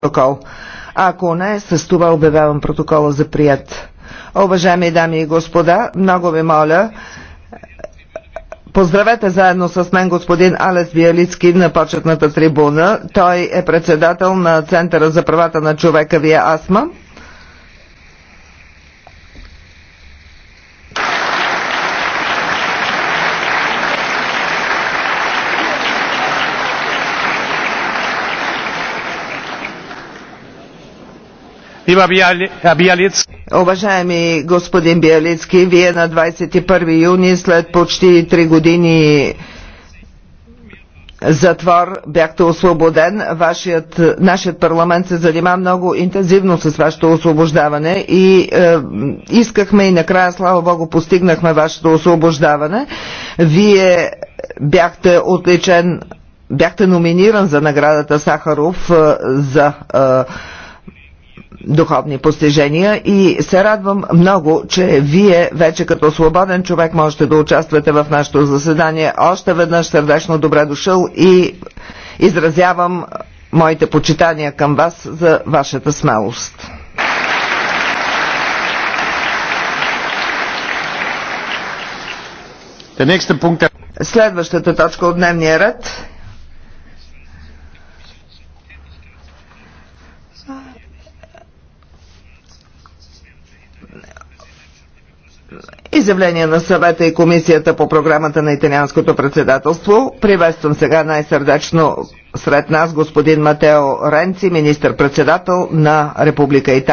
протокол. Ако не, с това обявявам протокола за прият. Уважаеми дами и господа, много ви моля, Поздравете заедно с мен господин Алес Биалицки на почетната трибуна. Той е председател на Центъра за правата на човека Вия Асма. Уважаеми господин Биалицки, вие на 21 юни след почти 3 години затвор бяхте освободен. Вашият, нашият парламент се занима много интензивно с вашето освобождаване и е, искахме и накрая, слава Богу, постигнахме вашето освобождаване. Вие бяхте отличен, бяхте номиниран за наградата Сахаров е, за е, духовни постижения и се радвам много, че вие вече като свободен човек можете да участвате в нашето заседание. Още веднъж сърдечно добре дошъл и изразявам моите почитания към вас за вашата смелост. Следващата точка от дневния ред Изявление на съвета и комисията по програмата на италианското председателство. Приветствам сега най-сърдечно сред нас господин Матео Ренци, министър-председател на Република Италия.